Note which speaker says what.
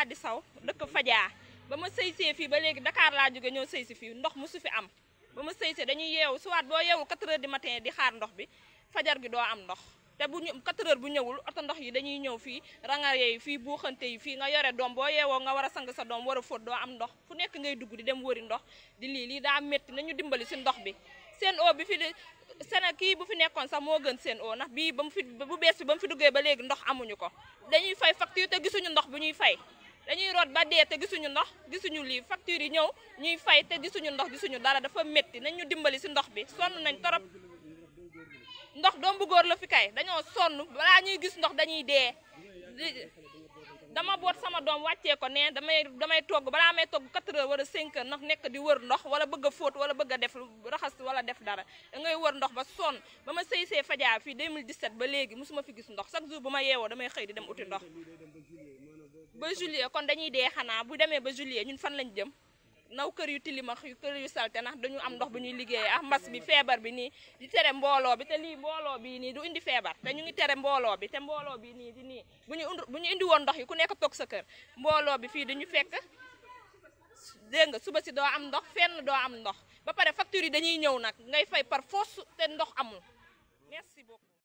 Speaker 1: Khady Sow dëkk fajaa ba ma sëysee fii ba léegi Dakar laa jóge ñoo sëysi fii ndox mu su fi am ba ma sëysee dañuy yeewu suwaat boo yeewu 4 heures du matin di xaar ndox bi fajar gi doo am ndox te bu ñu 4 heures bu ñëwul oto ndox yi dañuy ñëw fii rangare yi fii buuxante yi fii nga yore doom boo yeewoo nga war a sang sa doom war a doo am ndox fu nekk ngay dugg di dem wëri ndox di lii lii daa métti nañu dimbali si ndox bi seen o bi fi Sénégal kii bu fi nekkoon sax moo gën seen o ndax bii ba mu fi bu bees bi ba mu fi duggee ba léegi ndox amuñu ko dañuy fay facture te gisuñu ndox bu ñuy fay dañuy root ba dee te gisuñu ndox gisuñu lii facture yi ñëw ñuy fay te gisuñu ndox gisuñu dara dafa métti nañ ñu dimbali si ndox bi sonn nañ torop ndox doom bu góor la fi kay dañoo sonn balaa ñuy gis ndox dañuy dee dama boot sama doom wàccee ko ne damay damay togg balaa may togg 4 heures wala 5 heures ndax nekk di wër ndox wala bëgg a fóot wala bëgg def raxas wala def dara da ngay wër ndox ba sonn ba ma sëy see fajaa fii 2017 ba léegi mosuma fi gis ndox chaque jour bu ma yeewoo damay xëy di dem uti ndox ba juillet kon dañuy dee xanaa bu demee ba juillet ñun fan lañ jëm naw kër yu tilimax yu kër yu salte ndax dañu am ndox bu ñuy liggéey ak ah, mbas bi feebar bi nii di tere mbooloo bi te lii mbooloo bi nii du indi feebar te ñu ngi tere mbooloo bi te mbooloo bi nii di nii bu ñu bu ñu indi woon ndox yi ku nekk toog sa kër mbooloo bi fii dañu fekk dégg nga suba si doo am ndox fenn doo am ndox ba pare facture yi dañuy ñëw nag ngay fay par force te ndox amul merci beaucoup